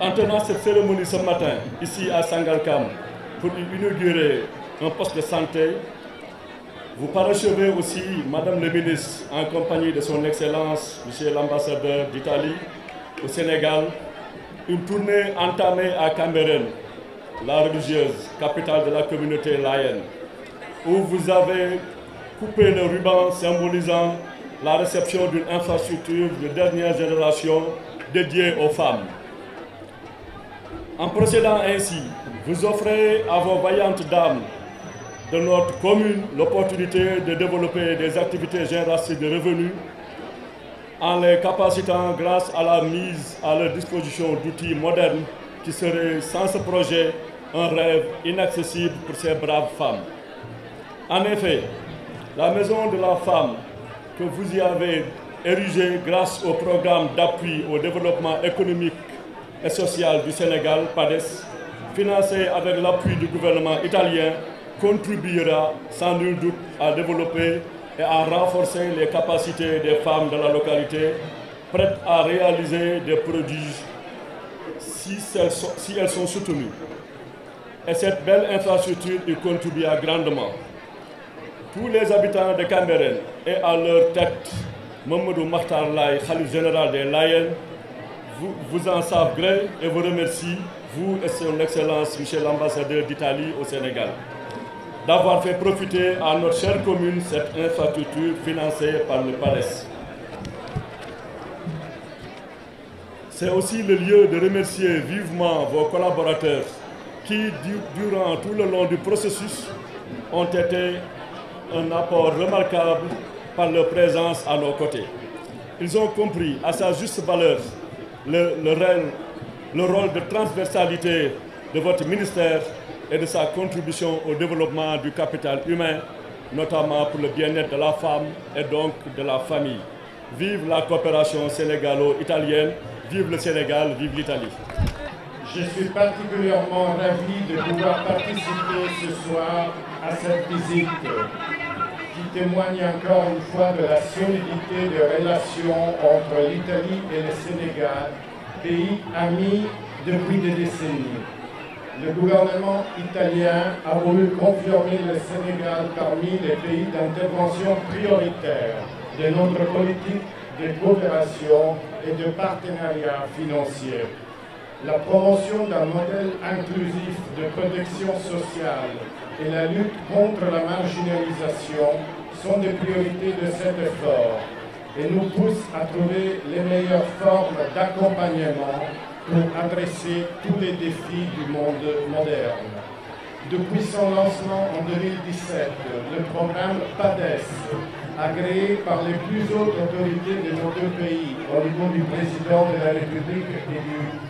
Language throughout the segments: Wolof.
en tenant cette cérémonie ce matin ici à Sangalkam pour inaugurer un poste de santé. Vous parachevez aussi, Madame le ministre, en compagnie de son Excellence, Monsieur l'ambassadeur d'Italie au Sénégal, une tournée entamée à Cameroun, la religieuse, capitale de la communauté laïenne, où vous avez coupé le ruban symbolisant la réception d'une infrastructure de dernière génération dédiée aux femmes. En procédant ainsi, vous offrez à vos vaillantes dames de notre commune l'opportunité de développer des activités génératrices de revenus en les capacitant grâce à la mise à leur disposition d'outils modernes qui seraient sans ce projet un rêve inaccessible pour ces braves femmes. En effet, la maison de la femme que vous y avez érigée grâce au programme d'appui au développement économique et sociale du Sénégal, PADES, financé avec l'appui du gouvernement italien, contribuera sans nul à développer et à renforcer les capacités des femmes de la localité prêtes à réaliser des prodiges si elles sont, si elles sont soutenues. Et cette belle infrastructure y contribua grandement. Tous les habitants de Cambérène et à leur tête Mamadou Makhtar Laye, Khalif général des Layènes, vous, vous en savent gré et vous remercie, vous et son Excellence, Monsieur l'ambassadeur d'Italie au Sénégal, d'avoir fait profiter à notre chère commune cette infrastructure financée par le PALES. C'est aussi le lieu de remercier vivement vos collaborateurs qui, durant tout le long du processus, ont été un apport remarquable par leur présence à nos côtés. Ils ont compris à sa juste valeur le, le, le rôle de transversalité de votre ministère et de sa contribution au développement du capital humain, notamment pour le bien-être de la femme et donc de la famille. Vive la coopération sénégalo-italienne, vive le Sénégal, vive l'Italie. Je suis particulièrement ravi de pouvoir participer ce soir à cette visite. témoigne encore une fois de la solidité des relations entre l'Italie et le Sénégal, pays amis depuis des décennies. Le gouvernement italien a voulu confirmer le Sénégal parmi les pays d'intervention prioritaire de notre politique de coopération et de partenariat financier. La promotion d'un modèle inclusif de protection sociale et la lutte contre la marginalisation sont des priorités de cet effort et nous poussent à trouver les meilleures formes d'accompagnement pour adresser tous les défis du monde moderne. Depuis son lancement en le programme PADES, agréé par les plus hautes autorités de nos deux pays au niveau du président de la République et du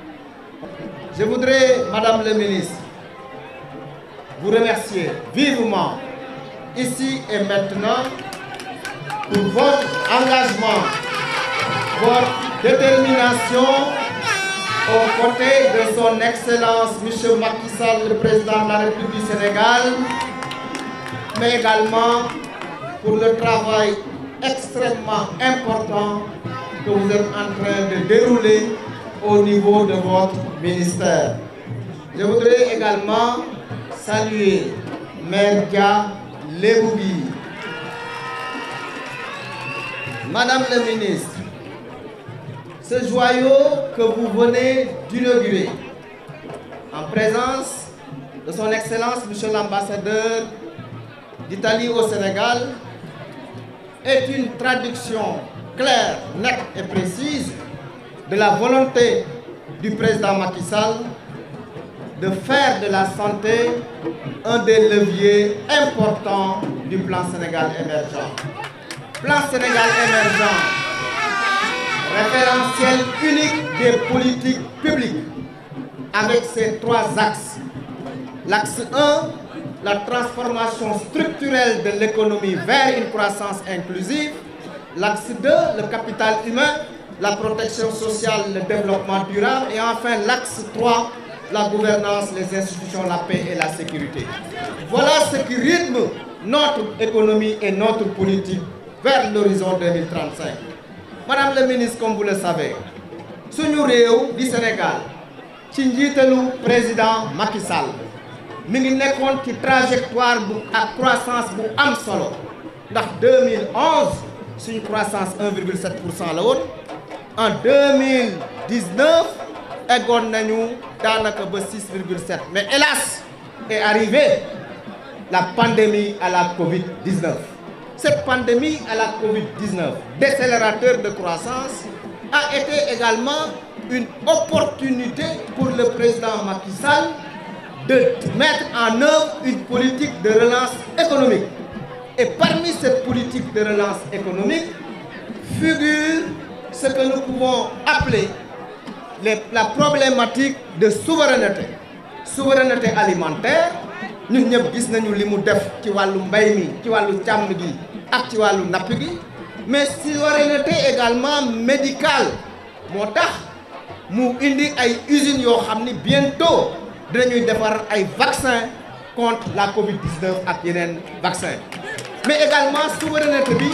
Je voudrais, Madame la Ministre, vous remercier vivement, ici et maintenant, pour votre engagement, votre détermination aux côtés de son Excellence M. Macky le Président de la République du mais également pour le travail extrêmement important que vous êtes en de dérouler au niveau de votre ministère. Je voudrais également saluer Maire Dia Leboubi. Madame la ministre, ce joyau que vous venez d'inaugurer en présence de son Excellence Monsieur l'ambassadeur d'Italie au Sénégal est une traduction claire, nette et précise de la volonté du président Macky Sall de faire de la santé un des leviers importants du plan Sénégal émergent. Plan Sénégal émergent, référentiel unique des politiques publiques avec ses trois axes. L'axe 1, la transformation structurelle de l'économie vers une croissance inclusive. L'axe 2, le capital humain la protection sociale, le développement durable et enfin l'axe 3, la gouvernance, les institutions, la paix et la sécurité. Voilà ce qui rythme notre économie et notre politique vers l'horizon 2035. Madame la ministre, comme vous le savez, suñu réew di Sénégal ci njiitalu président Macky Sall mi ngi nekkoon ci trajectoire bu ak croissance bu am solo ndax 2011 suñu croissance 1,7 pour cent la woon en 2019 eggoon nañu daanaka ba 6,7 mais hélas est arrivée la pandémie à la Covid-19 cette pandémie à la Covid-19 décélérateur de croissance a été également une opportunité pour le président Macky Sall de mettre en œuvre une politique de relance économique et parmi cette politique de relance économique que nous pouvons appeler la problématique de souveraineté souveraineté alimentaire ñu ñëpp gis nañu li mu def ci wàllu mbay mi ci wàllu càmm gi ak ci wàllu napp gi mais souveraineté également médicale moo tax mu indi ay usines yoo xam ni bientôt dinañuy defar ay vaccin contre la Covid-19 ak yeneen vaccin mais également souveraineté bi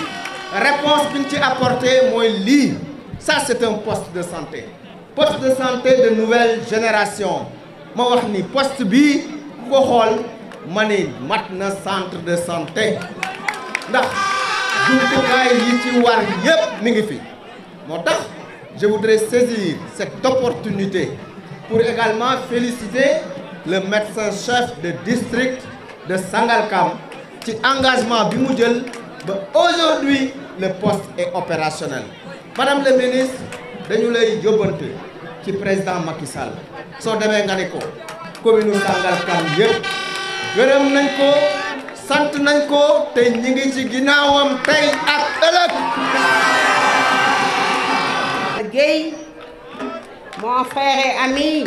réponse bi ci apporté mooy lii ça c'est un poste de santé poste de santé de nouvelle génération ma wax ni poste bi ko xool ma ni mat na centre de santé ndax jumtukaay yi ci war yépp mi ngi fi moo tax je voudrais saisir cette opportunité pour également féliciter le médecin chef de district de Sangalkam ci engagement bi mu jël ba aujourd'hui le poste est opérationnel madame la ministre dañu lay yóbbante ci président Macky soo demee nga ne ko commune Sangalkam yëpp gërëm nañ ko sant nañ ko te ñi ngi ci ginnaawam tey ak ëllëg. Guèye mon frère ami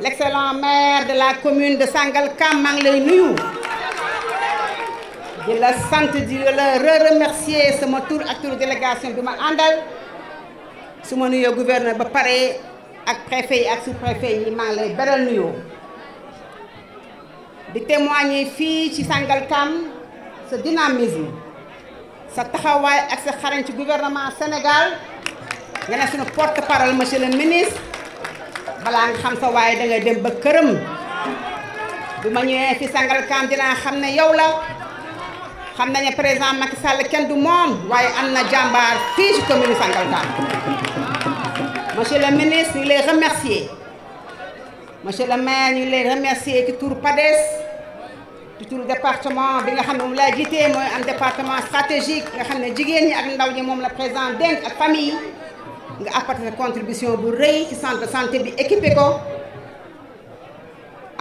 l'excellent maire de la commune de Sangalkam maa lay nuyu. di la sant di la re remercier sama tur ak turu délégation bi ma àndal su ma nuyoo gouverneur ba pare ak préfet yi ak sous-préfet yi maa ngi lay beral nuyoo di témoigner fii ci Sangalkam sa dynamisme sa taxawaay ak sa xarañ ci gouvernement Sénégal nga ne suñu porte-parole monsieur le ministre balaa nga xam sa waaye da dem ba këram bu ma ñëwee fi Sangalkam dinaa xam ne yow la. xam nañu président Macky Sall kenn du moom waaye am na jàmbaar fii ci commune Sangalkam monsieur le ministre ñu lay remercier monsieur le maire ñu lay remercier ci turu PADES ci turu département bi nga xam ne moom laa jiitee mooy am département stratégique nga xam ne jigéen ñi ak ndaw ñi moom la président dénk ak famille nga apporter contribution bu rëy ci santé bi équipé ko.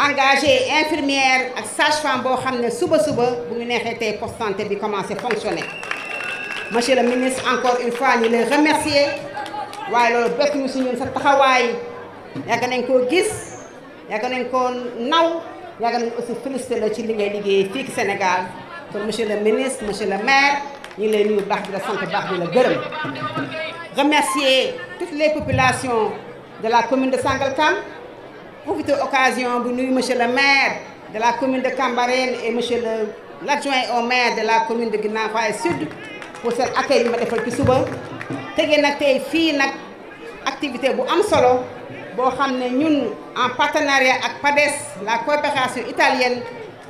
engagé infirmière ak sage boo xam ne suba suba bu ñu neexee tey poste bi commencé fonctionner monsieur le ministre encore une fois ñu lay remercier waaye loolu bekk ñu si ñun sa taxawaay yàgg nañ koo gis yàgg nañ koo naw yàgg nañ aussi félicité la ci li ngay liggéey fii ci Sénégal kon monsieur le ministre monsieur le maire ñi ngi lay nuyu baax di la sant baax di la gërëm remercier toutes les populations de la commune de Sangalkam profiter occasion bi nuyu monsieur le maire de la commune de Cambaren et monsieur le l'adjoint au maire de la commune de Guinaw Rail Sud pour seen accueil ma defal ci suba tegee nag tey fii nag activité bu am solo boo xam ne ñun en partenariat ak PADES la coopération italienne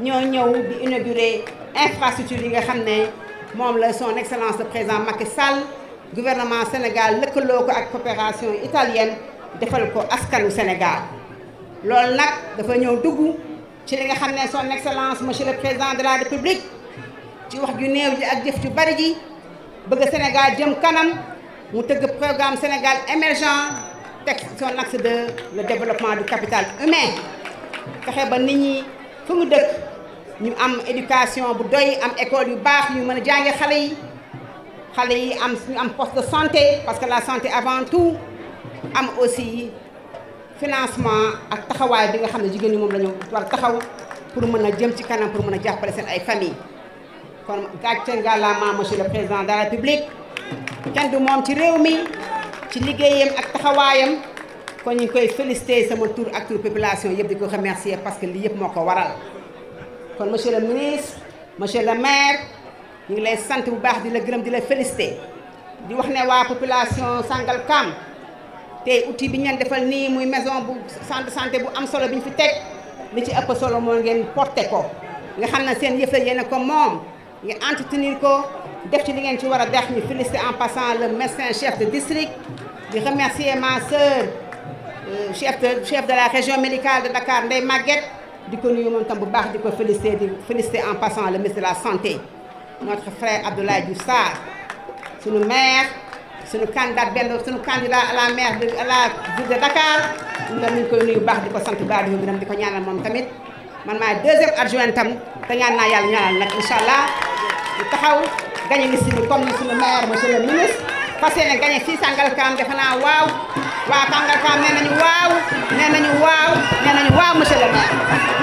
ñoo ñëw di inaugurer infrastructure yi nga xam ne moom la son excellence le président Macky Sall gouvernement Sénégal lëkkaloo ko ak coopération italienne defal ko askanu Sénégal loolu nag dafa ñëw dugg ci li nga xam ne son excellence monsieur le président de la république ci wax ju néew ji ak jëf ju bari ji bëgg Sénégal jëm kanam mu tëgg programme Sénégal émergent teg son axe de le développement du capital humain fexe ba nit ñi fu mu dëkk ñu am éducation bu doy am école yu baax yu mën a jànge xale yi xale yi am ñu am poste de santé parce que la santé avant tout am aussi financement ak taxawaay bi nga xam ne jigéen ñi moom la ñu war a taxaw pour mën a jëm ci kanam pour mën a jàppale seen ay famille kon gàcce ngalaama monsieur le président de la république kenn du moom ci réew mi ci liggéeyam ak taxawaayam kon ñu koy félicité sama tour ak tour population yëpp di ko remercier parce que lii yëpp moo ko waral kon monsieur le ministre monsieur le maire ñu ngi lay sant bu baax di la gërëm di la félicité di wax ne waa population Sangalkam tey outil bi ñu leen defal nii muy maison bu centre santé bu am solo bi ñu fi teg li ci ëpp solo moo ngeen porté ko nga xam ne seen yëf la ko moom ngeen entretenir ko def ci li ngeen ci war a def ñu féliciter en passant le médecin chef de district di remercier ma sœur euh, chef de chef de la région médicale de Dakar Ndeye magget di ko nuyu moom tam bu baax di ko féliciter di féliciter en passant le ministre de la santé notre frère Abdoulaye Diouf Sarr sunu maire suñu candidat benn suñu candidat à la maire de à la ville de Dakar ñu ngi koy nuyu baax di ko sant baax di ko gërëm di ko ñaanal moom tamit man maay deuxième adjoint tam te ñaan naa yàlla ñaanal nag incha allah ñu taxaw gañe liste bi comme ni suñu maire monsieur le ministre fas yéene gañe fii Sangalkam defe naa waaw waa Sangalkam nee nee nañu waaw nee nañu waaw monsieur le maire